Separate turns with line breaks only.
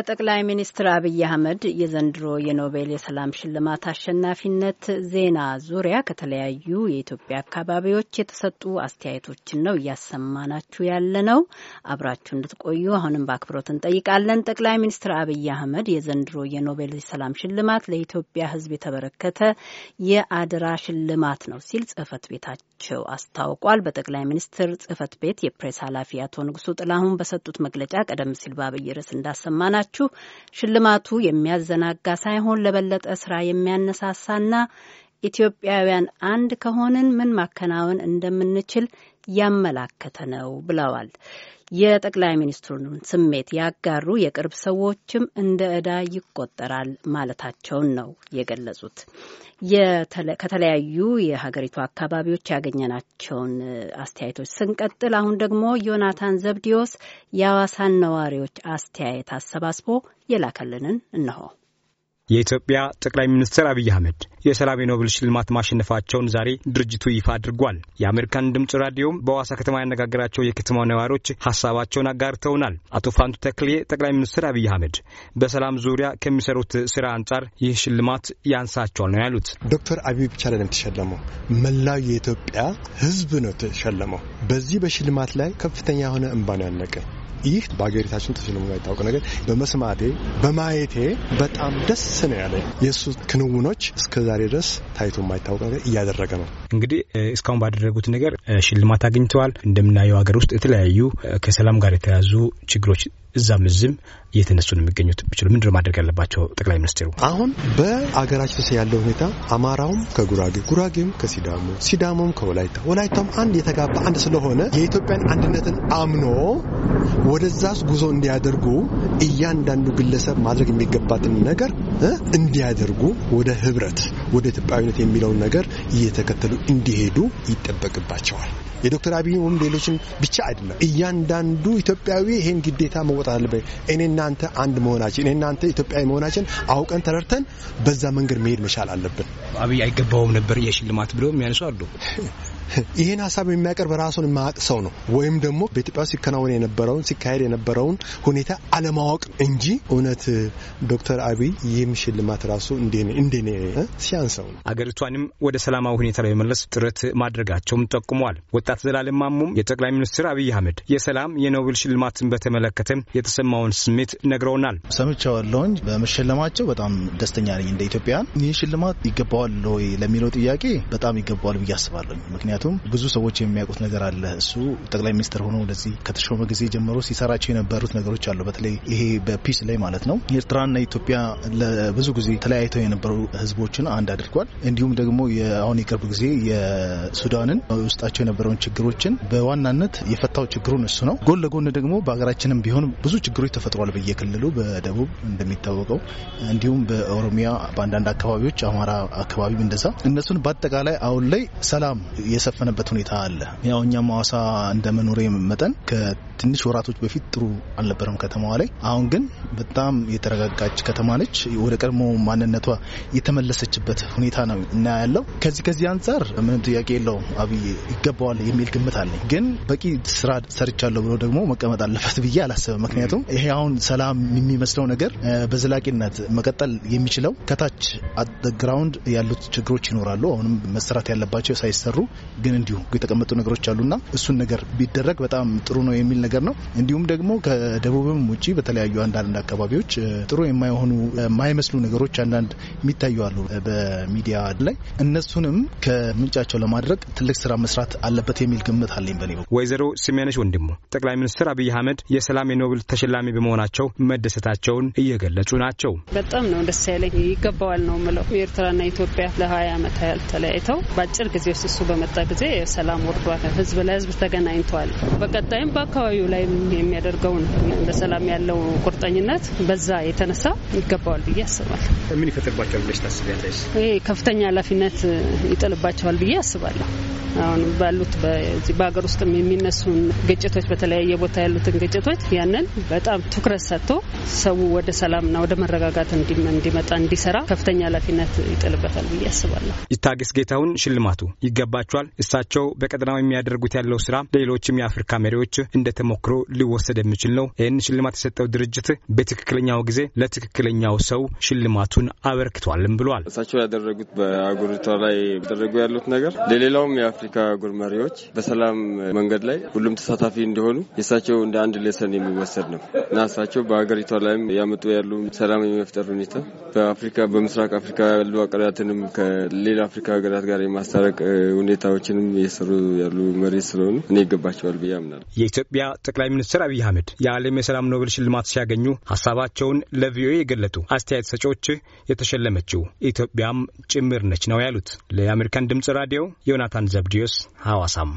በጠቅላይ ሚኒስትር አብይ አህመድ የዘንድሮ የኖቤል የሰላም ሽልማት አሸናፊነት ዜና ዙሪያ ከተለያዩ የኢትዮጵያ አካባቢዎች የተሰጡ አስተያየቶችን ነው እያሰማናችሁ ያለ ነው። አብራችሁ እንድትቆዩ አሁንም በአክብሮት እንጠይቃለን። ጠቅላይ ሚኒስትር አብይ አህመድ የዘንድሮ የኖቤል የሰላም ሽልማት ለኢትዮጵያ ሕዝብ የተበረከተ የአደራ ሽልማት ነው ሲል ጽህፈት ቤታቸው መሆናቸው አስታውቋል። በጠቅላይ ሚኒስትር ጽህፈት ቤት የፕሬስ ኃላፊ አቶ ንጉሱ ጥላሁን በሰጡት መግለጫ ቀደም ሲል በአብይ ርዕስ እንዳሰማናችሁ ሽልማቱ የሚያዘናጋ ሳይሆን ለበለጠ ስራ የሚያነሳሳና ኢትዮጵያውያን አንድ ከሆንን ምን ማከናወን እንደምንችል ያመላከተ ነው ብለዋል። የጠቅላይ ሚኒስትሩን ስሜት ያጋሩ የቅርብ ሰዎችም እንደ እዳ ይቆጠራል ማለታቸውን ነው የገለጹት። ከተለያዩ የሀገሪቱ አካባቢዎች ያገኘናቸውን አስተያየቶች ስንቀጥል አሁን ደግሞ ዮናታን ዘብዲዮስ የአዋሳን ነዋሪዎች አስተያየት አሰባስቦ የላከልንን እነሆ።
የኢትዮጵያ ጠቅላይ ሚኒስትር አብይ አህመድ የሰላም የኖብል ሽልማት ማሸነፋቸውን ዛሬ ድርጅቱ ይፋ አድርጓል። የአሜሪካን ድምፅ ራዲዮም በዋሳ ከተማ ያነጋገራቸው የከተማ ነዋሪዎች ሀሳባቸውን አጋርተውናል። አቶ ፋንቱ ተክሌ ጠቅላይ ሚኒስትር አብይ አህመድ በሰላም ዙሪያ ከሚሰሩት ስራ አንጻር ይህ ሽልማት ያንሳቸዋል ነው ያሉት።
ዶክተር አብይ ብቻ ላይ የተሸለመው መላው የኢትዮጵያ ህዝብ ነው የተሸለመው። በዚህ በሽልማት ላይ ከፍተኛ የሆነ እንባ ነው ያለቀ ይህ በአገሪታችን ተችሎ የማይታወቅ ነገር በመስማቴ በማየቴ በጣም ደስ ነው ያለ። የእሱ ክንውኖች እስከ ዛሬ ድረስ ታይቶ የማይታወቅ ነገር እያደረገ ነው።
እንግዲህ እስካሁን ባደረጉት ነገር ሽልማት አግኝተዋል። እንደምናየው ሀገር ውስጥ የተለያዩ ከሰላም ጋር የተያዙ ችግሮች እዛም እዚህም
እየተነሱ ነው የሚገኙት። ብችሉ ምንድነው ማድረግ ያለባቸው ጠቅላይ ሚኒስትሩ? አሁን በአገራችን ያለው ሁኔታ አማራውም ከጉራጌ ጉራጌም ከሲዳሞ ሲዳሞም ከወላይታ ወላይታም አንድ የተጋባ አንድ ስለሆነ የኢትዮጵያን አንድነትን አምኖ ወደዛስ ጉዞ እንዲያደርጉ እያንዳንዱ ግለሰብ ማድረግ የሚገባትን ነገር እንዲያደርጉ ወደ ህብረት ወደ ኢትዮጵያዊነት የሚለውን ነገር እየተከተሉ እንዲሄዱ ይጠበቅባቸዋል። የዶክተር አብይ አብይም ሌሎችን ብቻ አይደለም። እያንዳንዱ ኢትዮጵያዊ ይህን ግዴታ መወጣት አለበት። እኔ እናንተ አንድ መሆናችን እኔ እናንተ ኢትዮጵያዊ መሆናችን አውቀን ተረድተን በዛ መንገድ መሄድ መቻል አለብን።
አብይ አይገባውም ነበር የሽልማት ብለው የሚያነሱ አሉ።
ይህን ሀሳብ የሚያቀርብ ራሱን የማያውቅ ሰው ነው ወይም ደግሞ በኢትዮጵያ ውስጥ ሲከናወን የነበረውን ሲካሄድ የነበረውን ሁኔታ አለማወቅ እንጂ እውነት ዶክተር አብይ ይህም ሽልማት ራሱ እንደኔ ሲያንሰው ነው።
አገሪቷንም ወደ ሰላማዊ ሁኔታ ለመመለስ ጥረት ማድረጋቸውም ጠቁመዋል። ወጣት ዘላለም ማሙም የጠቅላይ ሚኒስትር አብይ አህመድ የሰላም የኖብል ሽልማትን በተመለከተ የተሰማውን ስሜት ነግረውናል።
ሰምቼዋለሁኝ። በመሸለማቸው በጣም ደስተኛ ነኝ። እንደ ኢትዮጵያን ይህ ሽልማት ይገባዋል ወይ ለሚለው ጥያቄ በጣም ይገባዋል ብዬ አስባለሁ። ምክንያቱም ብዙ ሰዎች የሚያውቁት ነገር አለ። እሱ ጠቅላይ ሚኒስትር ሆኖ ወደዚህ ከተሾመ ጊዜ ጀምሮ ሲሰራቸው የነበሩት ነገሮች አሉ። በተለይ ይሄ በፒስ ላይ ማለት ነው። ኤርትራና ኢትዮጵያ ለብዙ ጊዜ ተለያይተው የነበሩ ህዝቦችን አንድ አድርጓል። እንዲሁም ደግሞ አሁን የቅርብ ጊዜ የሱዳንን ውስጣቸው የነበረውን ችግሮችን በዋናነት የፈታው ችግሩን እሱ ነው። ጎን ለጎን ደግሞ በሀገራችንም ቢሆን ብዙ ችግሮች ተፈጥሯል። በየክልሉ በደቡብ እንደሚታወቀው እንዲሁም በኦሮሚያ በአንዳንድ አካባቢዎች አማራ አካባቢ እንደዛ እነሱን በአጠቃላይ አሁን ላይ ሰላም የሰፈነበት ሁኔታ አለ። ያው እኛም ሐዋሳ እንደ መኖሬ መጠን ከትንሽ ወራቶች በፊት ጥሩ አልነበረም ከተማዋ ላይ። አሁን ግን በጣም የተረጋጋች ከተማ ነች። ወደ ቀድሞ ማንነቷ የተመለሰችበት ሁኔታ ነው እና ያለው ከዚህ ከዚህ አንጻር ምንም ጥያቄ የለውም። አብይ ይገባዋል የሚል ግምት አለኝ። ግን በቂ ስራ ሰርቻለሁ ብሎ ደግሞ መቀመጥ አለበት ብዬ አላስብም። ምክንያቱም ይሄ አሁን ሰላም የሚመስለው ነገር በዘላቂነት መቀጠል የሚችለው ከታች ግራውንድ ያሉት ችግሮች ይኖራሉ። አሁንም መሰራት ያለባቸው ሳይሰሩ ግን እንዲሁ የተቀመጡ ነገሮች አሉና እሱን ነገር ቢደረግ በጣም ጥሩ ነው የሚል ነገር ነው። እንዲሁም ደግሞ ከደቡብም ውጭ በተለያዩ አንዳንድ አካባቢዎች ጥሩ የማይሆኑ የማይመስሉ ነገሮች አንዳንድ የሚታዩ አሉ በሚዲያ ላይ እነሱንም ከምንጫቸው ለማድረግ ትልቅ ስራ መስራት አለበት የሚል ግምት አለኝ በኔ በኩል።
ወይዘሮ ስሜነሽ ወንድሙ ጠቅላይ ሚኒስትር አብይ አህመድ የሰላም የኖብል ተሸላሚ በመሆናቸው መደሰታቸውን እየገለጹ ናቸው።
በጣም ነው ደስ ያለኝ ይገባዋል ነው ምለው። ኤርትራና ኢትዮጵያ ለሀያ ዓመት ያህል ተለያይተው በአጭር ጊዜ ውስጥ እሱ በመጣ ጊዜ ሰላም ወርዷል። ህዝብ ለህዝብ ተገናኝተዋል። በቀጣይም በአካባቢው ላይ የሚያደርገውን ለሰላም ያለው ቁርጠኝነት በዛ የተነሳ ይገባዋል ብዬ አስባለሁ።
ምን ይፈጥርባቸዋል ብለሽ ታስቢያለሽ?
ይሄ ከፍተኛ ኃላፊነት ይጥልባቸዋል ብዬ አስባለሁ። አሁን ባሉት በዚህ በሀገር ውስጥም የሚነሱን ግጭቶች በተለያየ ቦታ ያሉትን ግጭቶች ያንን በጣም ትኩረት ሰጥቶ ሰው ወደ ሰላምና ወደ መረጋጋት እንዲመጣ እንዲሰራ ከፍተኛ ኃላፊነት ይጥልበታል ብዬ
አስባለሁ። ይታገስ ጌታውን ሽልማቱ ይገባቸዋል። እሳቸው በቀጠናው የሚያደርጉት ያለው ስራ ሌሎችም የአፍሪካ መሪዎች እንደ ተሞክሮ ሊወሰድ የሚችል ነው። ይህን ሽልማት የሰጠው ድርጅት በትክክለኛው ጊዜ ለትክክለኛው ሰው ሽልማቱን አበርክቷልም ብሏል። እሳቸው ያደረጉት በአህጉሪቷ ላይ ያደረጉ ያሉት ነገር ለሌላውም የአፍሪካ አህጉር መሪዎች በሰላም መንገድ ላይ ሁሉም ተሳታፊ እንደሆኑ የእሳቸው እንደ አንድ ሌሰን የሚወሰድ ነው እና እሳቸው በሀገሪቷ ላይም ያመጡ ያሉ ሰላም የመፍጠር ሁኔታ በአፍሪካ በምስራቅ አፍሪካ ያሉ አቅሪያትንም ከሌላ አፍሪካ ሀገራት ጋር የማስታረቅ ሁኔታዎችንም እየሰሩ ያሉ መሪ ስለሆኑ እኔ ይገባቸዋል ብዬ አምናለሁ። የኢትዮጵያ ጠቅላይ ሚኒስትር አብይ አህመድ የዓለም የሰላም ኖቤል ሽልማት ሲያገኙ ሀሳባቸውን ለቪኦኤ የገለጡ አስተያየት ሰጪዎች የተሸለመችው ኢትዮጵያም ጭምር ነች ነው ያሉት። ለአሜሪካን ድምጽ ራዲዮ ዮናታን ዘብ አብዲዮስ ሐዋሳም